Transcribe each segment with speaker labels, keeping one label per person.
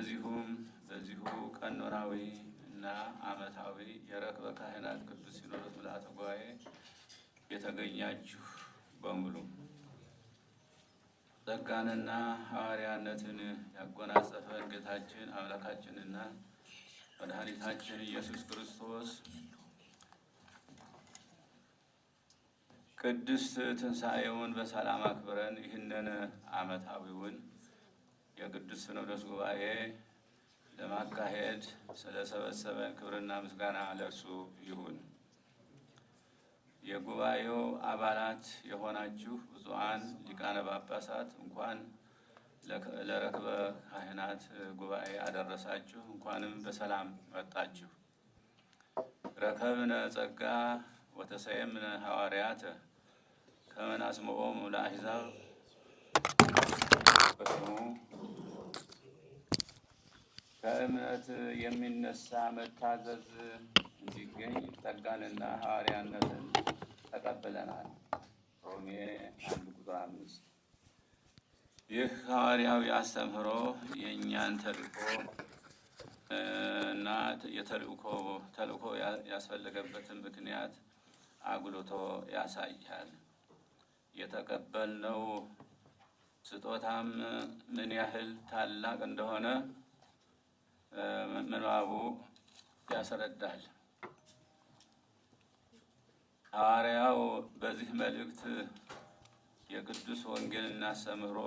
Speaker 1: እንደዚሁም በዚሁ ቀኖራዊ እና ዓመታዊ የረክበ ካህናት ቅዱስ ሲኖዶስ ምልዓተ ጉባኤ የተገኛችሁ በሙሉ ጸጋንና ሐዋርያነትን ያጎናጸፈን ጌታችን አምላካችንና መድኃኒታችን ኢየሱስ ክርስቶስ ቅድስት ትንሣኤውን በሰላም አክብረን ይህንን ዓመታዊውን የቅዱስ ሲኖዶስ ጉባኤ ለማካሄድ ስለሰበሰበን ክብርና ምስጋና ለእርሱ ይሁን። የጉባኤው አባላት የሆናችሁ ብፁዓን ሊቃነ ጳጳሳት እንኳን ለረክበ ካህናት ጉባኤ አደረሳችሁ። እንኳንም በሰላም መጣችሁ። ረከብነ ጸጋ ወተሰየምነ ሐዋርያተ ከመ ናስምዖሙ ለአሕዛብ በስሙ ከእምነት የሚነሳ መታዘዝ እንዲገኝ ጸጋንና ሐዋርያነትን ተቀብለናል። ሮሜ አንድ ቁጥር አምስት ይህ ሐዋርያዊ አስተምህሮ የእኛን ተልእኮ እና የተልእኮ ተልእኮ ያስፈለገበትን ምክንያት አጉልቶ ያሳያል። የተቀበልነው ስጦታም ምን ያህል ታላቅ እንደሆነ ምንባቡ ያስረዳል። ሐዋርያው በዚህ መልእክት የቅዱስ ወንጌልና አስተምህሮ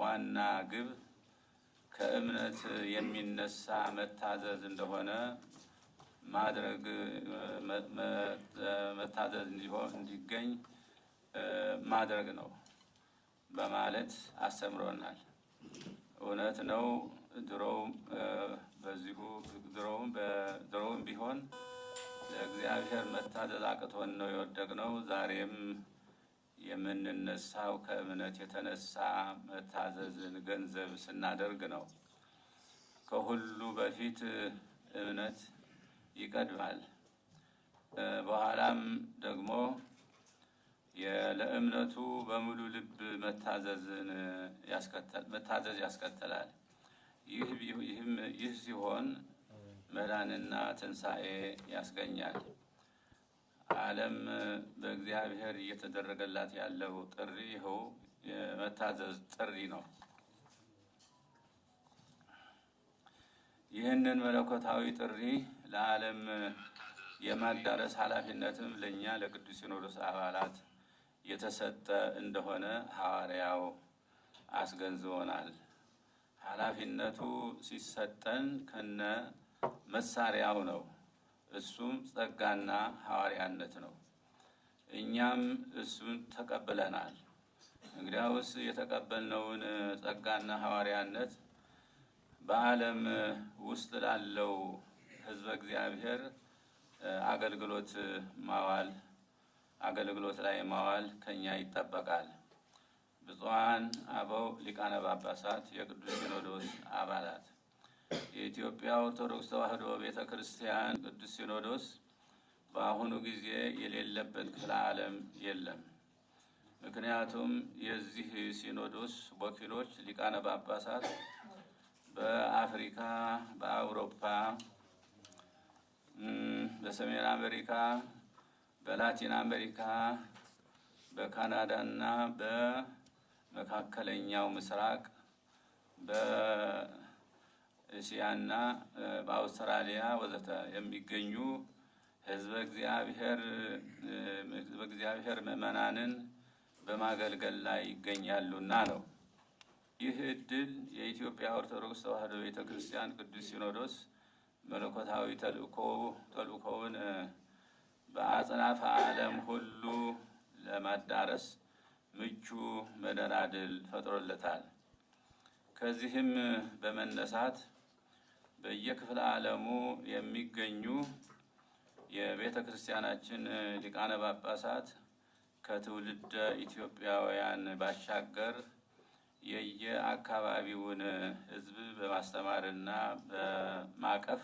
Speaker 1: ዋና ግብ ከእምነት የሚነሳ መታዘዝ እንደሆነ ማድረግ መታዘዝ እንዲገኝ ማድረግ ነው በማለት አስተምሮናል። እውነት ነው ድሮው በዚሁ ድሮውም ቢሆን ለእግዚአብሔር መታዘዝ አቅቶን ነው የወደቅነው። ዛሬም የምንነሳው ከእምነት የተነሳ መታዘዝን ገንዘብ ስናደርግ ነው። ከሁሉ በፊት እምነት ይቀድማል። በኋላም ደግሞ ለእምነቱ በሙሉ ልብ መታዘዝ ያስከተላል። ይህ ሲሆን መዳንና ትንሣኤ ያስገኛል። ዓለም በእግዚአብሔር እየተደረገላት ያለው ጥሪ ይኸው የመታዘዝ ጥሪ ነው። ይህንን መለኮታዊ ጥሪ ለዓለም የማዳረስ ኃላፊነትም ለእኛ ለቅዱስ ሲኖዶስ አባላት የተሰጠ እንደሆነ ሐዋርያው አስገንዝቦናል። ኃላፊነቱ ሲሰጠን ከነ መሳሪያው ነው። እሱም ጸጋና ሐዋርያነት ነው። እኛም እሱን ተቀብለናል። እንግዲያውስ የተቀበልነውን ጸጋና ሐዋርያነት በዓለም ውስጥ ላለው ሕዝበ እግዚአብሔር አገልግሎት ማዋል አገልግሎት ላይ ማዋል ከኛ ይጠበቃል። ብፁዓን አበው ሊቃነ ጳጳሳት፣ የቅዱስ ሲኖዶስ አባላት፣ የኢትዮጵያ ኦርቶዶክስ ተዋሕዶ ቤተ ክርስቲያን ቅዱስ ሲኖዶስ በአሁኑ ጊዜ የሌለበት ክፍለ ዓለም የለም። ምክንያቱም የዚህ ሲኖዶስ ወኪሎች ሊቃነ ጳጳሳት በአፍሪካ፣ በአውሮፓ፣ በሰሜን አሜሪካ፣ በላቲን አሜሪካ፣ በካናዳ እና በ መካከለኛው ምስራቅ፣ በእስያና በአውስትራሊያ ወዘተ የሚገኙ ህዝበ እግዚአብሔር ምእመናንን በማገልገል ላይ ይገኛሉና ነው። ይህ እድል የኢትዮጵያ ኦርቶዶክስ ተዋሕዶ ቤተ ክርስቲያን ቅዱስ ሲኖዶስ መለኮታዊ ተልእኮውን በአጽናፈ ዓለም ሁሉ ለማዳረስ ምቹ መደላድል ፈጥሮለታል። ከዚህም በመነሳት በየክፍለ ዓለሙ የሚገኙ የቤተ ክርስቲያናችን ሊቃነ ጳጳሳት ከትውልደ ኢትዮጵያውያን ባሻገር የየአካባቢውን ሕዝብ በማስተማርና በማቀፍ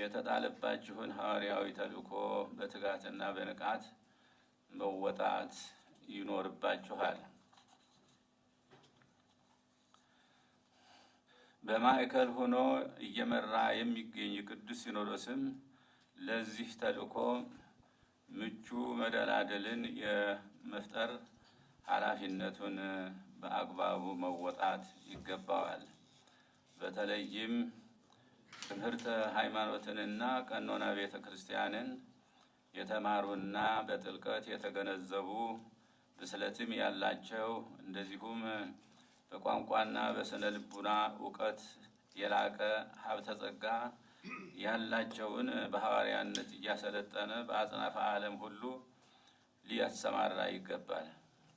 Speaker 1: የተጣለባችሁን ሐዋርያዊ ተልእኮ በትጋትና በንቃት መወጣት ይኖርባችኋል። በማዕከል ሆኖ እየመራ የሚገኝ ቅዱስ ሲኖዶስም ለዚህ ተልእኮ ምቹ መደላደልን የመፍጠር ኃላፊነቱን በአግባቡ መወጣት ይገባዋል። በተለይም ትምህርተ ሃይማኖትንና ቀኖና ቤተ ክርስቲያንን የተማሩና በጥልቀት የተገነዘቡ ብስለትም ያላቸው እንደዚሁም በቋንቋና በስነ ልቡና እውቀት የላቀ ሀብተ ጸጋ ያላቸውን በሐዋርያነት እያሰለጠነ በአጽናፈ ዓለም ሁሉ ሊያሰማራ ይገባል።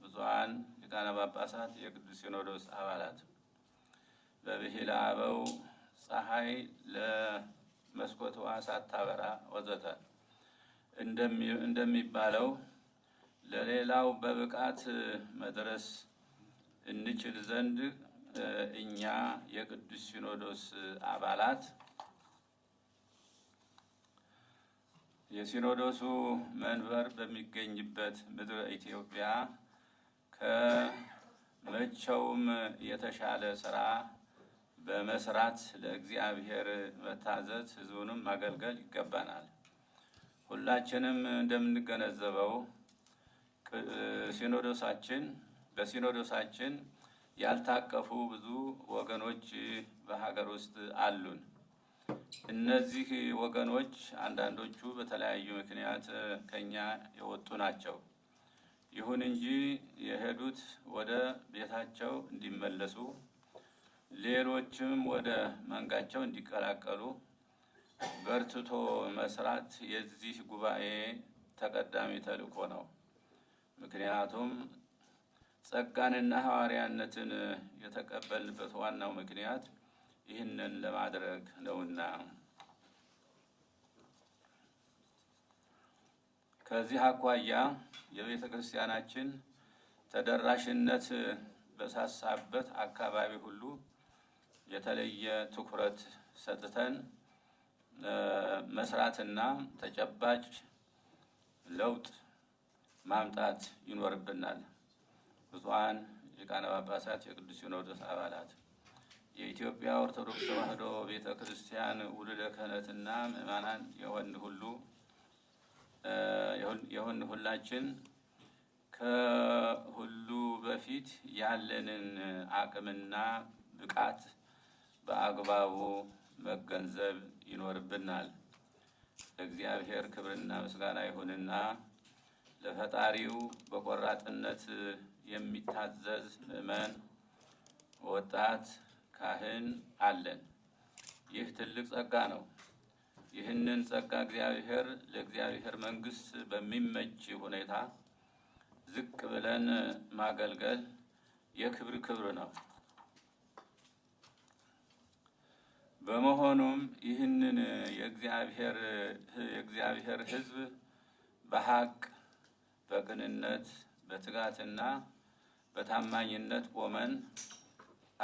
Speaker 1: ብፁዓን ሊቃነ ጳጳሳት፣ የቅዱስ ሲኖዶስ አባላት በብሂለ አበው ፀሐይ ለመስኮትዋ ሳታበራ ወዘተ እንደሚባለው ለሌላው በብቃት መድረስ እንችል ዘንድ እኛ የቅዱስ ሲኖዶስ አባላት የሲኖዶሱ መንበር በሚገኝበት ምድረ ኢትዮጵያ ከመቼውም የተሻለ ስራ በመስራት ለእግዚአብሔር መታዘዝ፣ ሕዝቡንም ማገልገል ይገባናል። ሁላችንም እንደምንገነዘበው ሲኖዶሳችን በሲኖዶሳችን ያልታቀፉ ብዙ ወገኖች በሀገር ውስጥ አሉን። እነዚህ ወገኖች አንዳንዶቹ በተለያዩ ምክንያት ከኛ የወጡ ናቸው። ይሁን እንጂ የሄዱት ወደ ቤታቸው እንዲመለሱ፣ ሌሎችም ወደ መንጋቸው እንዲቀላቀሉ በርትቶ መስራት የዚህ ጉባኤ ተቀዳሚ ተልዕኮ ነው። ምክንያቱም ጸጋንና ሐዋርያነትን የተቀበልንበት ዋናው ምክንያት ይህንን ለማድረግ ነውና ከዚህ አኳያ የቤተ ክርስቲያናችን ተደራሽነት በሳሳበት አካባቢ ሁሉ የተለየ ትኩረት ሰጥተን መስራትና ተጨባጭ ለውጥ ማምጣት ይኖርብናል። ብፁዓን ሊቃነ ጳጳሳት፣ የቅዱስ ሲኖዶስ አባላት፣ የኢትዮጵያ ኦርቶዶክስ ተዋሕዶ ቤተ ክርስቲያን ውሉደ ክህነትና ምእመናን የሆን ሁሉ የሆን ሁላችን ከሁሉ በፊት ያለንን አቅምና ብቃት በአግባቡ መገንዘብ ይኖርብናል። ለእግዚአብሔር ክብርና ምስጋና ይሁንና ለፈጣሪው በቆራጥነት የሚታዘዝ ምዕመን ወጣት ካህን አለን። ይህ ትልቅ ጸጋ ነው። ይህንን ጸጋ እግዚአብሔር ለእግዚአብሔር መንግሥት በሚመች ሁኔታ ዝቅ ብለን ማገልገል የክብር ክብር ነው። በመሆኑም ይህንን የእግዚአብሔር ሕዝብ በሀቅ በቅንነት በትጋትና በታማኝነት ቆመን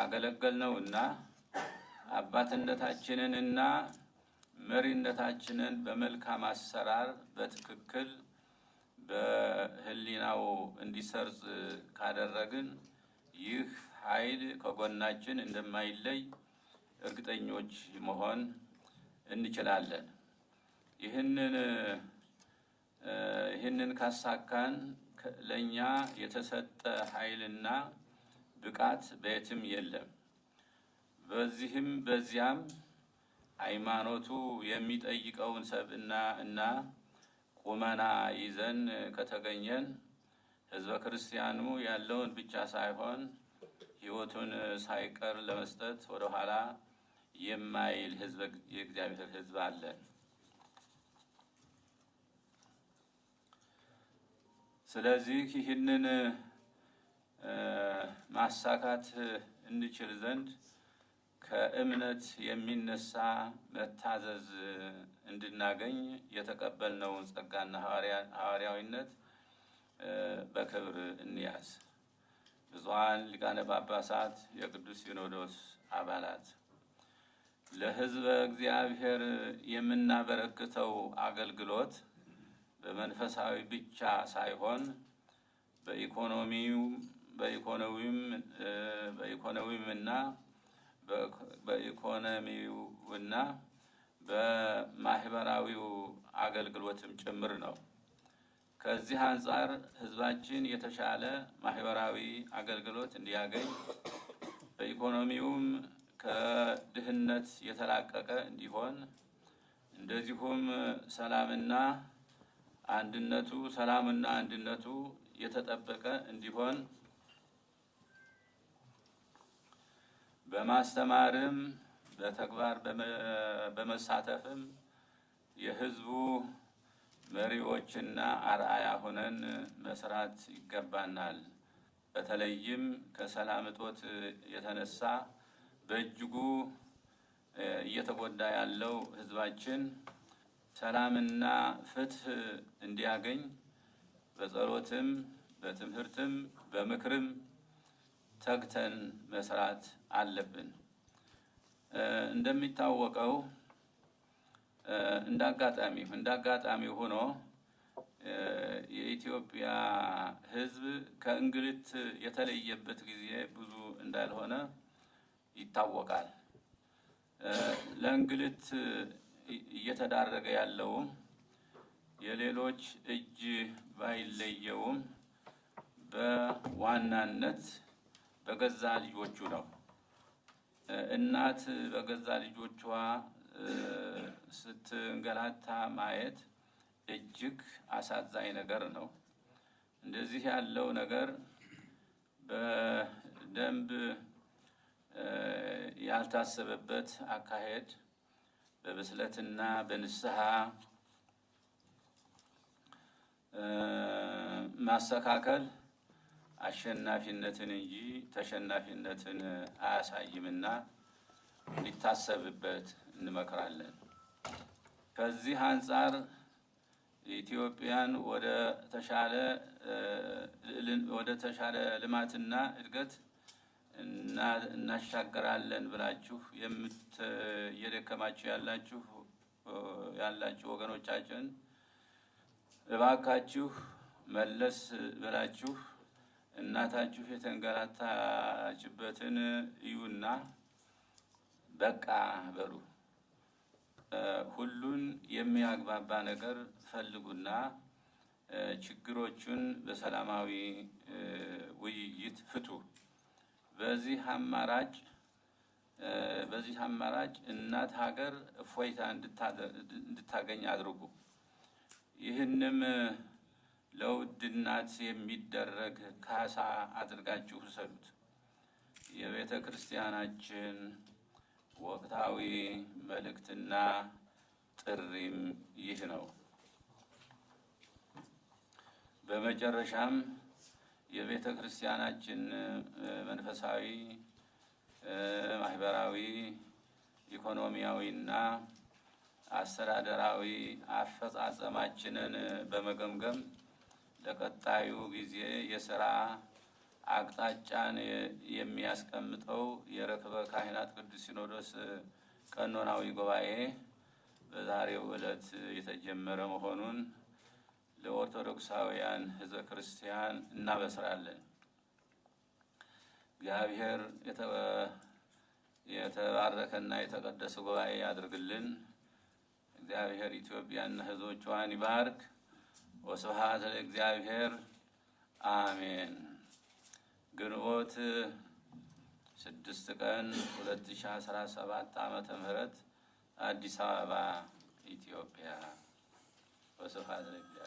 Speaker 1: አገለገልነውና አባትነታችንን እና መሪነታችንን በመልካም አሰራር በትክክል በህሊናው እንዲሰርጽ ካደረግን ይህ ኃይል ከጎናችን እንደማይለይ እርግጠኞች መሆን እንችላለን። ይህንን ይህንን ካሳካን ለእኛ የተሰጠ ኃይልና ብቃት በየትም የለም። በዚህም በዚያም ሃይማኖቱ የሚጠይቀውን ሰብእና እና ቁመና ይዘን ከተገኘን ህዝበ ክርስቲያኑ ያለውን ብቻ ሳይሆን ህይወቱን ሳይቀር ለመስጠት ወደኋላ የማይል የእግዚአብሔር ህዝብ አለን። ስለዚህ ይህንን ማሳካት እንችል ዘንድ ከእምነት የሚነሳ መታዘዝ እንድናገኝ የተቀበልነውን ጸጋና ሐዋርያዊነት በክብር እንያዝ። ብፁዓን ሊቃነ ጳጳሳት፣ የቅዱስ ሲኖዶስ አባላት፣ ለሕዝበ እግዚአብሔር የምናበረክተው አገልግሎት በመንፈሳዊ ብቻ ሳይሆን በኢኮኖሚውምና በኢኮኖሚውና በማህበራዊው አገልግሎትም ጭምር ነው። ከዚህ አንጻር ህዝባችን የተሻለ ማህበራዊ አገልግሎት እንዲያገኝ በኢኮኖሚውም ከድህነት የተላቀቀ እንዲሆን እንደዚሁም ሰላምና አንድነቱ ሰላምና አንድነቱ የተጠበቀ እንዲሆን በማስተማርም በተግባር በመሳተፍም የህዝቡ መሪዎችና አርአያ ሆነን መስራት ይገባናል። በተለይም ከሰላም እጦት የተነሳ በእጅጉ እየተጎዳ ያለው ህዝባችን ሰላምና ፍትህ እንዲያገኝ በጸሎትም በትምህርትም በምክርም ተግተን መስራት አለብን። እንደሚታወቀው እንዳጋጣሚ እንዳጋጣሚ ሆኖ የኢትዮጵያ ሕዝብ ከእንግልት የተለየበት ጊዜ ብዙ እንዳልሆነ ይታወቃል። ለእንግልት እየተዳረገ ያለውም የሌሎች እጅ ባይለየውም በዋናነት በገዛ ልጆቹ ነው። እናት በገዛ ልጆቿ ስትንገላታ ማየት እጅግ አሳዛኝ ነገር ነው። እንደዚህ ያለው ነገር በደንብ ያልታሰበበት አካሄድ በብስለትና በንስሐ ማስተካከል አሸናፊነትን እንጂ ተሸናፊነትን አያሳይምና እንዲታሰብበት እንመክራለን። ከዚህ አንጻር ኢትዮጵያን ወደ ተሻለ ልማትና እድገት እናሻገራለን ብላችሁ እየደከማችሁ ያላችሁ ያላችሁ ወገኖቻችን እባካችሁ መለስ ብላችሁ እናታችሁ የተንገላታችበትን እዩና በቃ በሉ። ሁሉን የሚያግባባ ነገር ፈልጉና ችግሮቹን በሰላማዊ ውይይት ፍቱ። በዚህ አማራጭ በዚህ አማራጭ እናት ሀገር እፎይታ እንድታገኝ አድርጉ። ይህንም ለውድ እናት የሚደረግ ካሳ አድርጋችሁ ሰዱት። የቤተ ክርስቲያናችን ወቅታዊ መልእክትና ጥሪም ይህ ነው። በመጨረሻም የቤተ ክርስቲያናችን መንፈሳዊ፣ ማህበራዊ፣ ኢኮኖሚያዊና አስተዳደራዊ አፈጻጸማችንን በመገምገም ለቀጣዩ ጊዜ የስራ አቅጣጫን የሚያስቀምጠው የረክበ ካህናት ቅዱስ ሲኖዶስ ቀኖናዊ ጉባኤ በዛሬው ዕለት የተጀመረ መሆኑን ለኦርቶዶክሳውያን ህዝበ ክርስቲያን እናበስራለን። እግዚአብሔር የተባረከና የተቀደሰ ጉባኤ ያድርግልን። እግዚአብሔር ኢትዮጵያና ሕዝቦቿን ይባርክ። ወስብሐት ለእግዚአብሔር አሜን። ግንቦት ስድስት ቀን 2017 ዓመተ ምህረት አዲስ አበባ ኢትዮጵያ። ወስብሐት